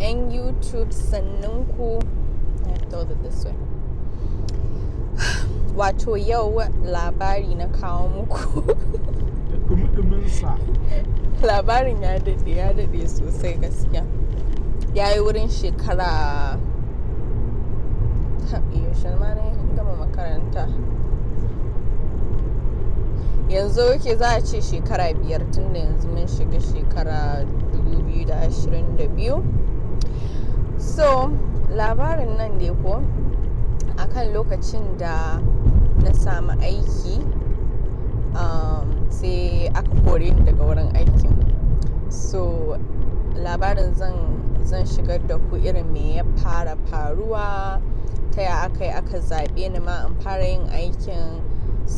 'yan youtube sannan ku wato yau labari na kawo muku labarin ya daɗe ya daɗe sosai gaskiya ya yi wurin shekara yaushen ma na gama makaranta yanzu yake za a ce shekara biyar tun da yanzu mun shiga shekara 2022 so labarin nan ne ko akan lokacin da na samu aiki um, sai aka kore ni daga wurin aikin so labarin zan zan shigar da ku irin me ya fara faruwa ta ya aka yi aka zaɓe ni ma in fara yin aikin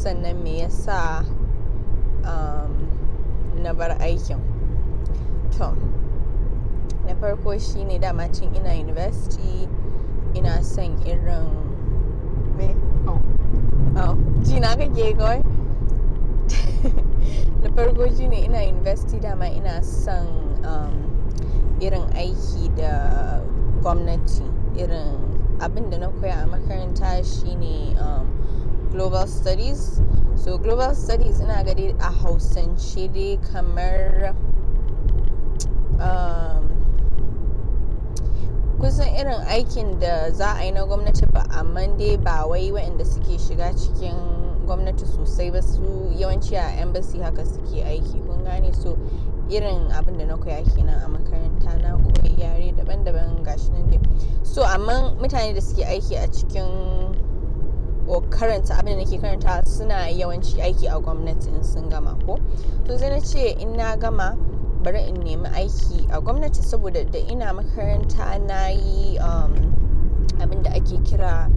sannan me ya sa um, na bar aikin to na farko shi ne dama cin ina university ina son irin me oh, oh ji na kake kawai na farko shi ne ina university dama ina son um, irin aiki da gwamnati irin abin da na koya a makaranta shine um, global studies so global studies ina gari a hausance dai kamar um, kusan irin aikin da za a yi na gwamnati ba amma dai ba wai waɗanda suke shiga cikin gwamnati sosai ba su yawanci a embassy haka suke aiki kun gane so irin abin da na koya kenan a makaranta na koyi yare daban-daban gashi nan dai so amma mutane da suke aiki a cikin ko karanta abin da nake karanta suna yawanci aiki a gwamnati in sun gama ko to zai na ce in na gama bari in nemi aiki a gwamnati saboda da ina makaranta na yi um, abin ake kira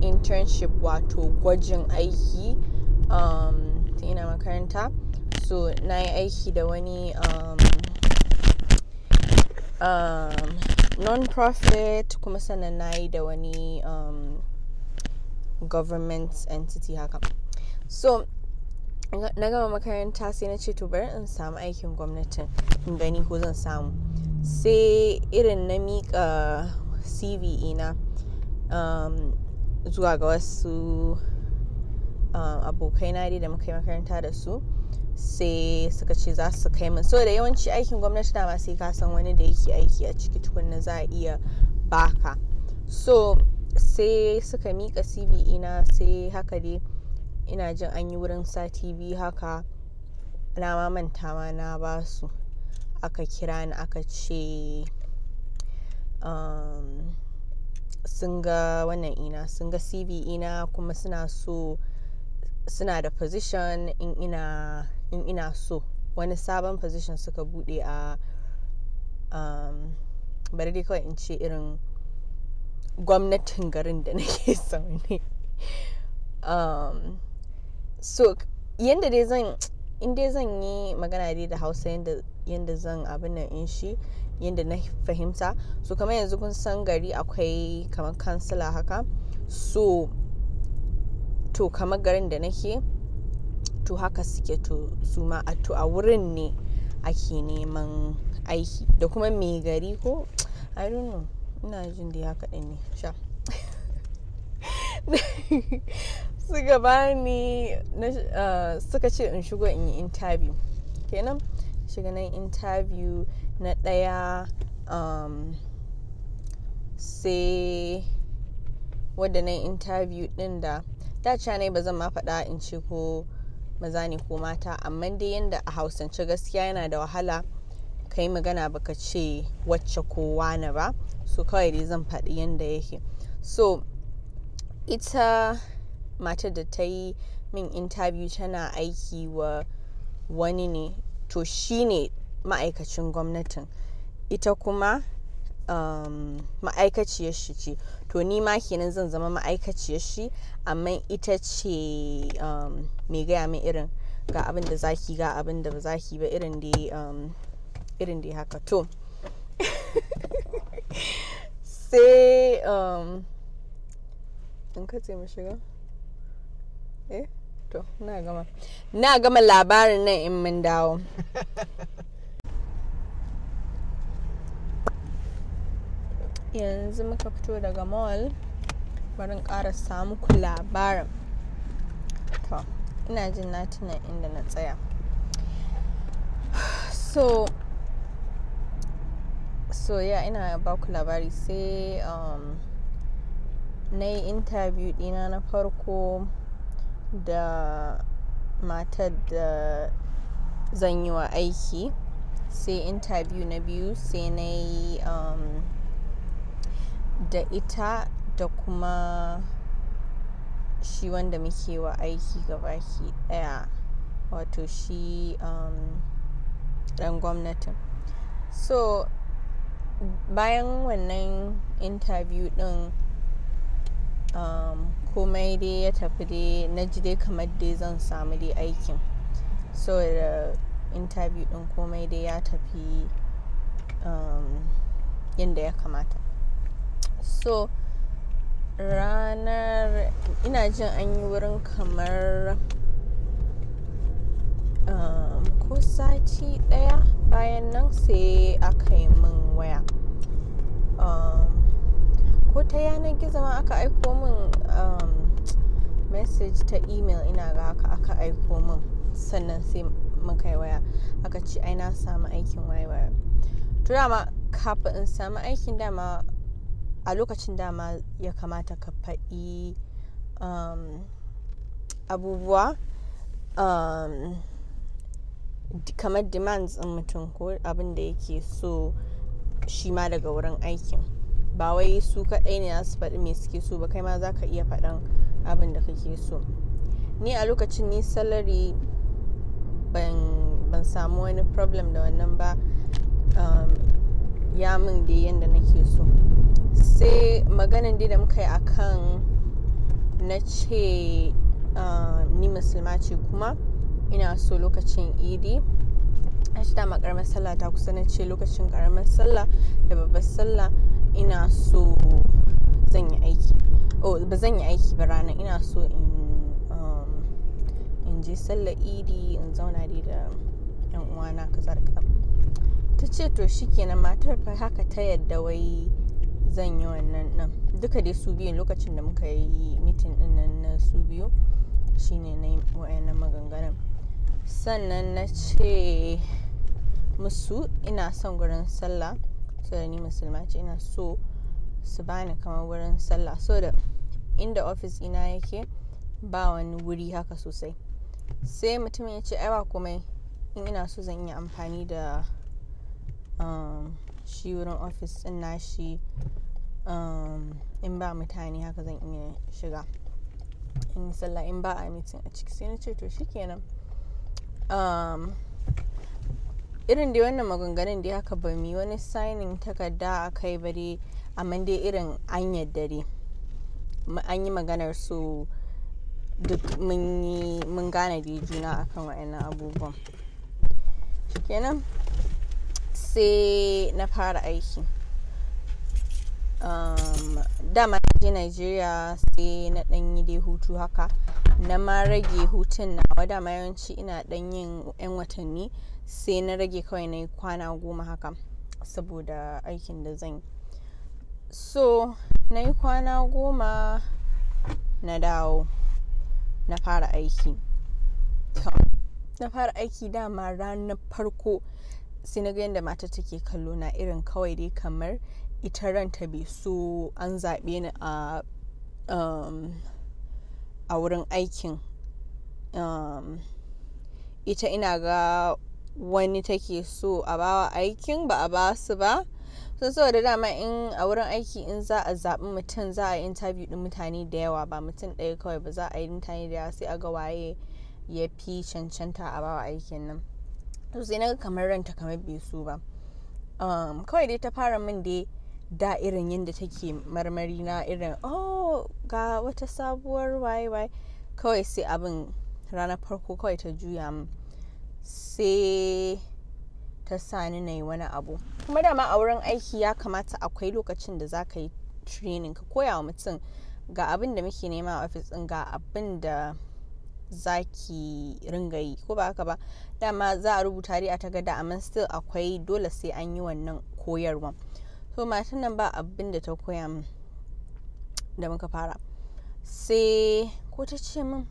internship wato gwajin aiki um, ina makaranta so na yi aiki da wani um, um, non-profit kuma sannan na yi da wani um, government entity haka so na gama makaranta sai na ce to bari in samu aikin gwamnatin in gani ko zan samu sai irin na mika cv ina um, zuwa ga wasu um, abokaina dai da muka yi makaranta da su sai suka ce za su kai min so da yawanci aikin gwamnati dama sai ka san wani da yake aiki a ciki tukunna za a iya baka so sai suka mika cv ina sai haka dai ina jin an yi wurin sati biyu haka na ma manta ma na ba su aka kira ni aka ce um, sun ga wannan ina sun ga cv ina kuma suna so suna da position in ina so wani sabon position suka bude a um, bari dai kawai in ce irin gwamnatin garin da nake sauni um, so yanda dai zan in dai zan yi magana dai da hausa yanda zan abin nan in shi yanda na fahimta so kamar yanzu kun san gari akwai kamar kansila haka so to kamar garin da nake to haka suke to su ma a to a wurin ne ake neman aiki da kuma mai gari ko i don't know ina jin da ya kaɗan ne sha suka bani uh, suka ce in shigo in yi interview kenan shiga nan interview na ɗaya um, sai wadda interview ɗin da ta ne ba zan ma faɗa in ce ko maza ne ko mata amma dai yadda a hausance gaskiya yana da wahala ka yi magana baka ce wacce kowa na ba so kawai dai zan faɗi yadda yake so ita matar da ta yi min interview tana aiki wa wani ne to shi ne ma'aikacin gwamnatin ita kuma um, ma'aikaciyar shi ce to ni ma kenan zan zama ma'aikaciyar shi amma ita ce um, mai gaya min irin ga abin da zaki ga abin da ba zaki ba irin da um, irin da haka to sai um, in katse mu shiga Eh, na gama labarin nan in mun dawo yanzu muka fito daga mall barin ƙara samu ku labarin to ina jin na tuna inda na tsaya so so ya yeah, ina ba ku labari sai um, na yi interview dina na farko da matar da zan yi wa aiki sai interview na biyu sai na yi um, da ita da kuma shi wanda muke wa aiki gabaki daya wato shi um, dan gwamnatin so bayan wannan interview din Um, komai dai ya tafi dai na ji dai kamar dai zan samu dai aikin so da uh, interview din komai dai ya tafi um, yadda ya kamata so ranar ina jin an yi wurin kamar um, ko sati daya bayan nan sai aka yi min waya um, ko ta yanar gizo ma aka aiko min um, message ta email ina ga haka aka aiko min sannan sai muka yi waya aka ce aina na samu aikin waya to dama kafin in samu aikin dama a lokacin dama ya kamata ka faɗi um, abubuwa um, kamar demands ɗin mutum ko abin da yake so shi ma daga wurin aikin ba wai su kaɗai ne su faɗi me suke so ba kai ma za ka iya faɗan abin da kake so ni a lokacin ni salari ban samu wani problem da wannan ba um, ya min da yadda nake so sai maganan da muka yi a kan na ce um, ni musulma ce kuma ina so lokacin idi a shi dama ƙaramar sallah ta kusa na ce lokacin karamar sallah da babbar sallah ina so zan yi aiki oh ba zan yi aiki ba rana ina so in um, je sallar idi in zauna dai da yan uwana kazar da ta ce to shikenan matar ka haka ta yadda wai zan yi wannan nan duka dai su biyun lokacin da muka yi mitin din nan na su biyu shine na yi wayannan maganganun sannan na ce musu ina son gurin sallah saboda ni musulma ce ina so su bani kamar wurin sallah so da inda ofis ina yake ba wani wuri haka sosai sai mutum ya ce ai kuma komai in ina so zan iya amfani da um, shi wurin ofis din nashi um, in ba mutane haka zan iya shiga in sallah in ba a mitin a ciki sai na ce to kenan. Um, irin dai wannan maganganun dai haka ba mu wani signing takarda a kai ba dai amma irin an yadda an yi maganar su duk mun gane da juna akan wa'annan abubuwan kenan sai na fara aiki um, dama je Najeriya sai na dan yi dai hutu haka na ma rage hutun nawa ma yawanci ina dan yin 'yan watanni sai na rage kawai na yi kwana goma haka saboda aikin da zan yi so na yi kwana goma na dawo na fara aiki na fara aiki dama ranar farko sai na ga yadda mata take kallo na irin kawai dai kamar ita ranta bai so an zaɓe ni a um, a wurin aikin um, ita ina ga wani take so a bawa aikin ba a ba su ba sun saboda dama in a wurin aiki in za a zaɓi mutum za a yi interview ɗin mutane da yawa ba mutum ɗaya kawai ba za a yi mutane da yawa sai a ga waye ya fi cancanta a bawa aikin nan to sai na ga kamar ranta kamar bai so ba um, kawai dai ta fara min dai da irin yadda take marmari na irin oh ga wata sabuwar waye waye kawai sai abin ranar farko kawai ta juya min sai ta sani na yi wani abu kuma dama a wurin aiki ya kamata akwai lokacin da za ka yi training ka koya wa mutum ga abin da muke nema a ofis ɗin ga abin da za ki ringa yi ko ba haka ba dama za a rubuta dai a takarda amma still akwai dole sai an yi wannan koyarwa to matan nan ba abin da ta koya min da muka fara sai ko ta ce min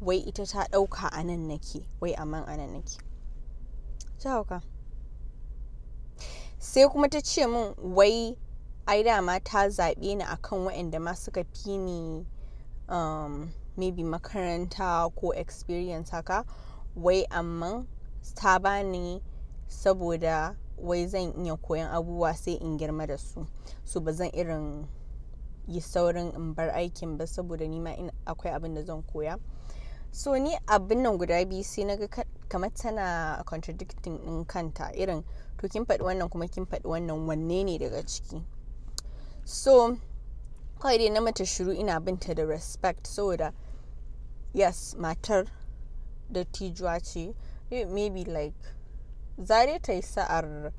wai ita ta ɗauka a nan nake wai amman a nan nake ta hauka sai kuma ta ce min wai ai dama ta zaɓe ni akan waɗanda ma suka fi ni um, maybe makaranta ko experience haka wai amma ta bani saboda wai zan iya koyan abubuwa sai in girma da su su ba zan irin yi saurin in bar aikin ba saboda nima in akwai abin da zan koya so ni abin nan guda biyu sai na ga kamar tana contradicting din kanta irin to kin faɗi wannan kuma kin faɗi wannan wanne ne daga ciki so kawai dai na mata shiru ina binta da respect saboda yes matar da tijuwa ce maybe like zare ta yi sa'ar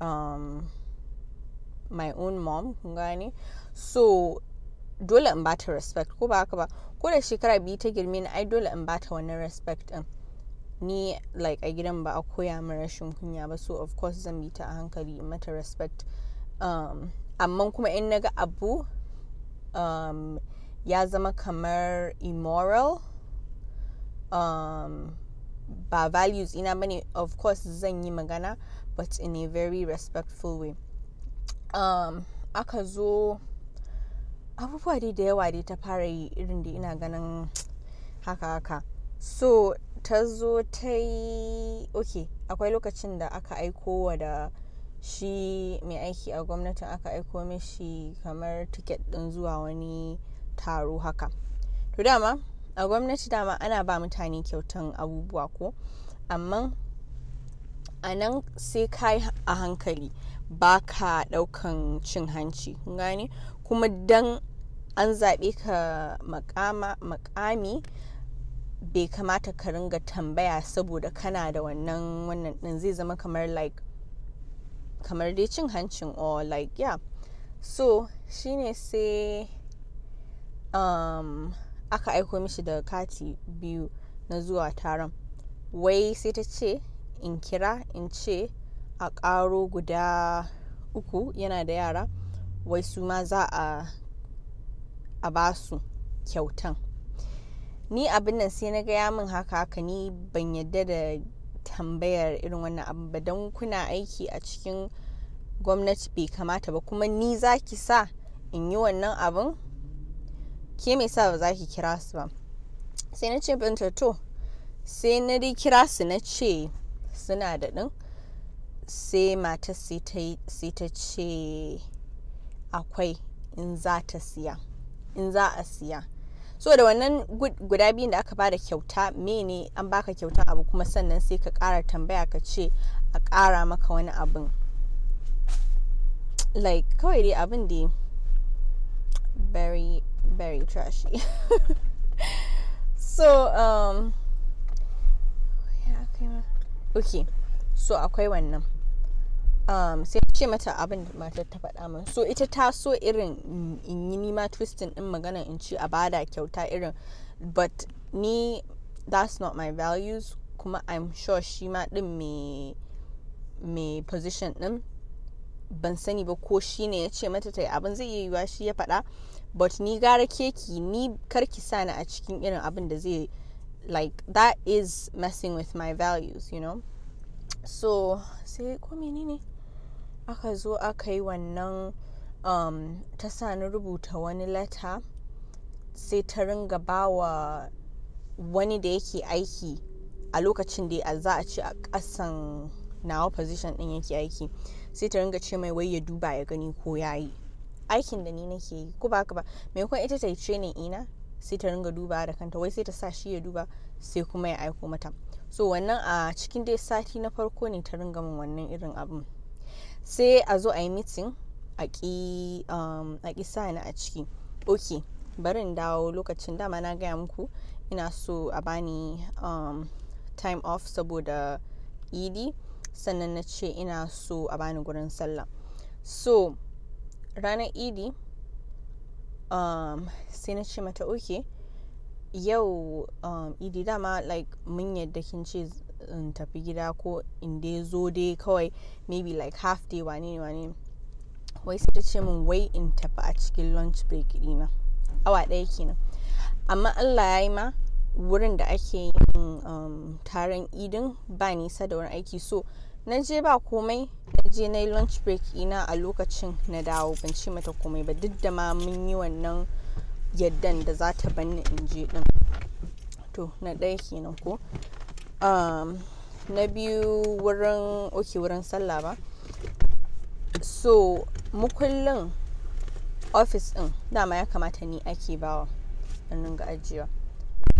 um, my own mom gani so dole in bata respect ko ba haka ba ko da shekara biyu ta girme ni ai dole in bata wannan respect din ni like a gidan ba a koya min rashin kunya ba so of course zan bi ta a hankali in mata respect um, amma kuma in naga abu um, ya zama kamar immoral um, ba values ina bane of course zan yi magana but in a very respectful way um, aka zo abubuwa dai da yawa dai ta fara yi irin da ina ganin haka haka so ta zo ta yi ok akwai lokacin da aka aiko wa da shi mai aiki a gwamnatin aka aiko mishi kamar tiket din zuwa wani taro haka to dama a gwamnati dama ana ba mutane kyautan abubuwa ko amma a nan sai yi a hankali ba ka daukan cin hanci gane kuma dan an zaɓe ka makami bai kamata ka ringa tambaya saboda kana da wannan wannan din zai zama kamar like kamar dai cin hancin or like yeah so shine sai um, aka aiko mishi daga kati biyu na zuwa taron wai sai ta ce in kira in ce a ƙaro guda uku yana da yara wai su ma za a ba su kyautan ni abin nan sai na gaya min haka haka ni ban yadda da tambayar irin wannan abu ba don kuna aiki a cikin gwamnati bai kamata ba kuma ni za ki sa in yi wannan abin ke mai sa ba za ki kira su ba sai na ce binta to sai na dai kira su na ce suna da ɗin sai mata sai ta ce akwai in za ta siya in za a siya so da wannan guda biyun da aka ba da kyauta mene an baka kyauta abu kuma sannan sai ka kara tambaya ka ce a kara maka wani abin like kawai dai abin da very very trashy. so, um, okay, so akwai wannan. Um, sai ce mata abin da matar ta faɗa min so ita ta so irin in yi nima twisting din magana in ci a bada kyauta irin but ni that's not my values kuma i'm sure shi ma din me me position din ban sani ba ko shi ne ya ce mata ta yi abin zai yi yiwuwa shi ya faɗa but ni gara keki ni karki sani a cikin irin abin da zai like that is messing with my values you know so sai ko menene aka zo aka yi wannan um, ta sani rubuta wani lata sai ta ringa bawa wani da yake aiki a lokacin da ya za a ce a ƙasan nawa position ɗin yake aiki sai ta ringa ce mai wai ya duba ya gani ko ya yi aikin da ni nake yi ko ba ba maimakon ita ta yi training ina sai ta ringa duba da kanta wai sai ta sa shi ya duba sai kuma ya aiko mata so wannan a cikin dai sati na farko ne ta ringa min wannan irin abin sai a zo a yi mitin um, a ƙi sa ni a ciki ok barin dawo lokacin dama na gaya muku ina so a bani um, time off saboda idi sannan na ce ina so a bani gurin sallah so ranar idi um, sai na ce mata ok yau um, idi dama like mun yadda kin ce in tafi gida ko in dai zo dai kawai maybe like half day wane wane wai sai ta ce min wai in tafi a cikin lunch break dina awa daya kenan amma allah ya yi ma wurin da ake yin um, taron idin ba nisa da wani aiki so na je ba komai na je na yi lunch break ina a lokacin na dawo ban ce mata komai ba duk da ma mun yi wannan yaddan da za ta banni in je din to na ɗaya kenan ko na biyu wurin oke wurin sallah ba so mukullin ofis din dama ya kamata ni ake bawa in ga ajiyewa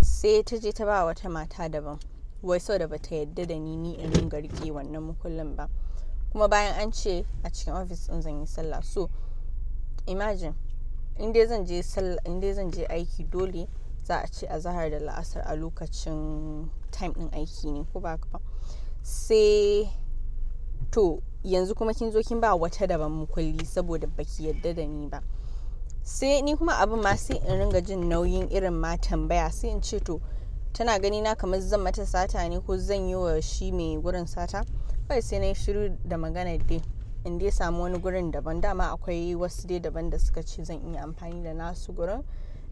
sai ta je ta ba wata mata daban wai sau da bata yadda da ni ni in dinga rike wannan mukullin ba kuma bayan an ce a cikin ofis din zan yi sallah so imagine in dai zan je in dai zan je aiki dole za a ce a zahar da la'asar a lokacin time din aiki ne ko ba ba sai to yanzu kuma kin zo kin ba wata daban mukulli saboda baki yadda da ni ba sai ni kuma abin ma sai in ringa jin nauyin irin ma tambaya sai in ce to tana gani na kamar zan mata sata ne ko zan yi wa shi mai gurin sata bai sai na yi shiru da magana dai in dai samu wani gurin daban dama akwai wasu dai daban da suka ce zan iya amfani da nasu gurin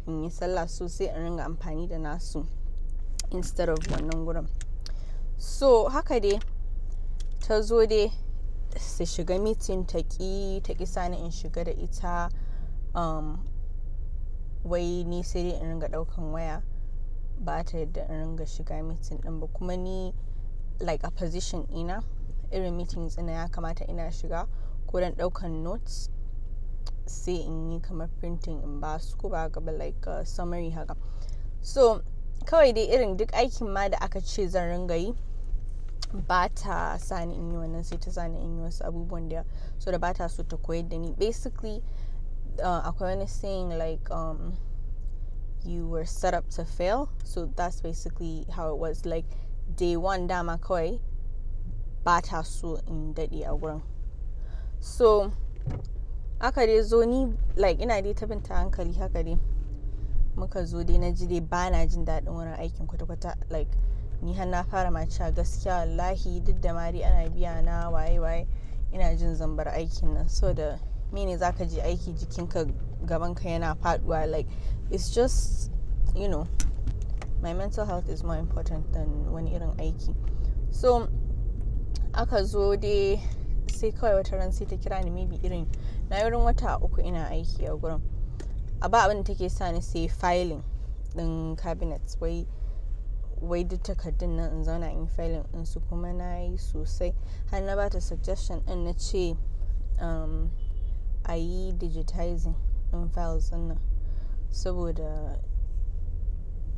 in yi sallah sosai in ringa amfani da nasu instead of wannan gurin so haka dai ta zo dai su shiga mitin ta ƙi ta ƙi sani in shiga da ita um, wai ni sai dai in ringa ɗaukan waya ba ta yadda in ringa shiga meeting din ba kuma ni like a position ina irin meetings ina ya kamata ina shiga ko dan daukan notes sai in yi kamar printing in ba su ko ba gaba like uh, summary haka so kawai dai irin duk aikin ma da aka ce zan ringa yi ba ta sani in yi wannan sai ta sani in yi wasu abubuwan da so da ba ta so ta koyar da ni basically uh, akwai wani saying like um, you were set up to fail. So that's basically how it was. Like day one damakoi bata so in daɗi a wurin. So aka dai zo like ina di tapin hankali haka dai muka zo na ji dai ba na jin daɗin wurin aikin kwata-kwata like ni hana na fara ma cewa gaskiya wallahi duk da mari ana biya na waye waye ina jin zambar aikin nan so da mene zaka je aiki jikinka gaban ka yana faduwa like it's just you know my mental health is more important than wani irin aiki so aka zo dai sai kawai wata ran sai ta kira ni maybe irin na yi wata uku ina aiki a gurin a ba abin da take sa ni sai filing din cabinet wai wai duk takardun nan in zauna in filin din su kuma na yi sosai har na bata suggestion din na ce um, a yi digitizing 2000 saboda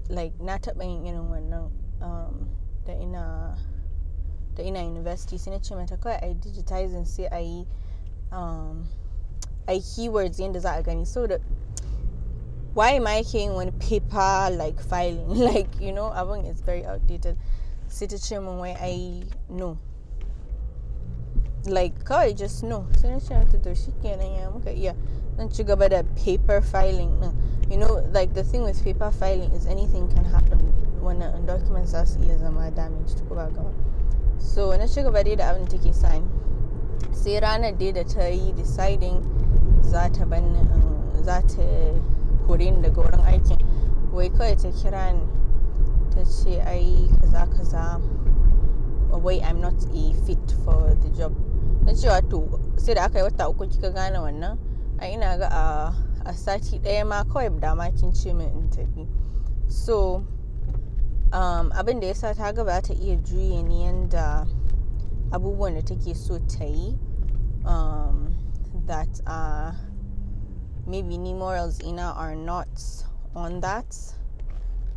like na taɓa yin irin wannan um, da ina da ina university sai na ce mata kawai a yi digitizing sai a yi um, a keywords yadda za a gani so da why am I yin wani paper like filing like you know abin is very outdated sai ta ce min wai ai no like kawai just no sai na ce mata to shikenan ya muka iya you ci gaba da paper filing din you know like the thing with paper filing is anything can happen uh, documents za iya zama damage ko ba gaba so you go by dai da abin take sign sai ranar dai da ta yi deciding that ban um, kore ni daga wurin aikin wai kawai ta kiran ni ta ce ai kaza kaza wai i'm not a fit for the job na cewa to sai da aka yi wata uku kika gane wannan a ina ga a sati ɗaya ma kawai dama kin ce min in tafi so um, abin da ya sa ta gaba ta iya juye ni yanda abubuwan da take so ta yi um, that uh, maybe ni morals ina are not on that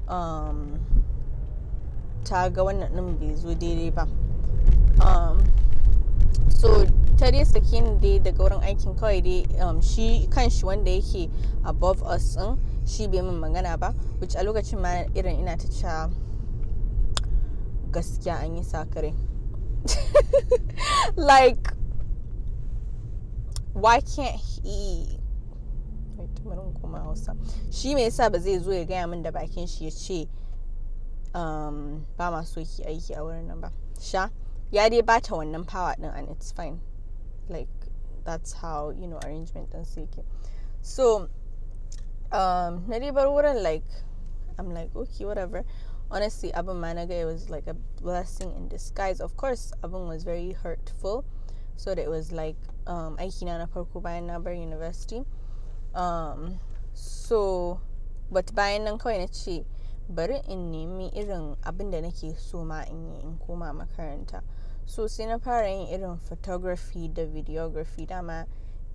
um, ta ga wannan ɗin bai zo daidai ba um, so ta dai dai daga wurin aikin kawai dai um, shi kan wanda yake above us din shi bai min magana ba which a lokacin ma irin ina ta ca gaskiya an yi sakare like why can't he shi me yasa ba zai zo ya gaya min da bakin shi ya ce um, ba ma aiki a wurin nan ba sha yeah, they batch on ng partner and it's fine. Like that's how, you know, arrangement and seeking. So um wouldn't like I'm like, okay, whatever. Honestly, abu Managa was like a blessing in disguise. Of course, abu was very hurtful. So that it was like um Aikinana Perkubayan Nabar University. Um so but bayan nan kawai na bari in nemi irin abin da nake so ma in yi in koma makaranta so sai na fara yin irin photography da videography dama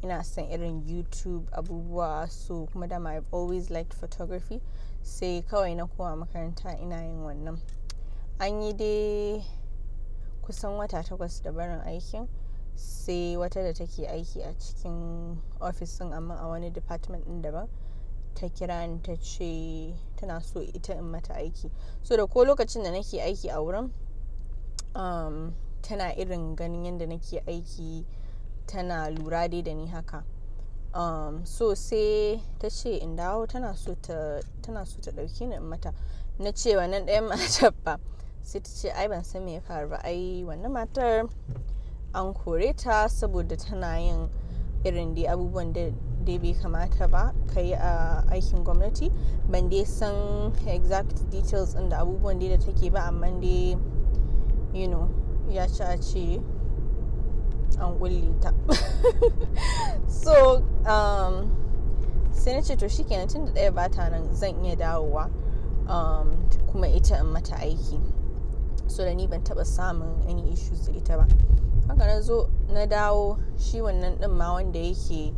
ina son irin youtube abubuwa so kuma dama i've always liked photography sai kawai na koma makaranta ina yin wannan an yi dai kusan wata takwas da barin aikin sai wata da take aiki a cikin ofisin amma a wani department din daban ta kira ni ta ce tana so ita in mata aiki so da ko lokacin da nake aiki a wurin um, tana irin ganin yadda nake aiki tana lura dai da ni haka um, so sai ta ce in dawo tana so ta ɗauki ni in mata na ce wannan ɗaya mata ba sai ta ce ai ban san me ya faru ba ai wannan matar an kore ta saboda tana yin irin dai abubuwan da dai bai kamata ba ka yi a aikin gwamnati ban dai san exact details ɗin da abubuwan dai da take ba amma dai you know ya ci a ce an kulle ta so um, sai na ce to kenan tun da ɗaya ba ta nan zan iya dawowa um, kuma ita in mata aiki so da ni ban taɓa samun any issues da ita ba haka na zo na dawo shi wannan din ma wanda yake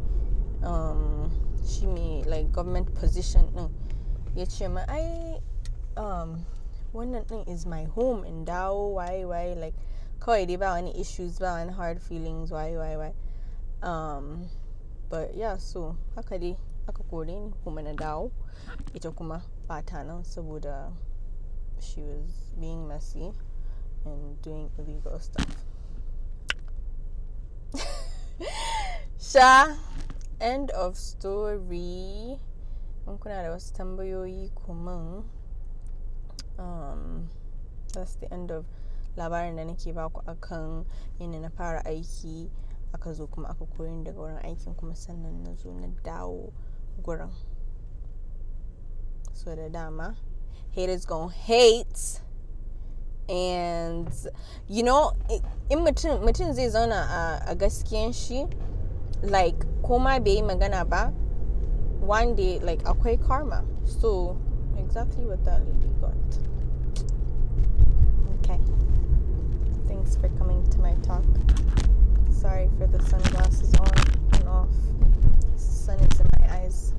um, shi mai like government position din ya ce ma ai um, wannan din is my home in dawo waye waye like Coy about any issues about and hard feelings why why why um but yeah so haka dai aka kore ni kuma na dawo ita kuma ba ta nan saboda she was being messy and doing illegal stuff sha end of story in kuna da wasu tambayoyi kuma um, that's the end of labarin da nake baku akan yadda na fara aiki aka zo kuma aka koyar daga wurin aikin kuma sannan na zo na dawo gurin so da dama haters gonna hate and you know in mutum mutum zai zauna a gaskiyan shi like koma bai yi magana ba one day like akwai karma so exactly what that lady got okay thanks for coming to my talk. Sorry for the sunglasses on and off. The sun is in my eyes.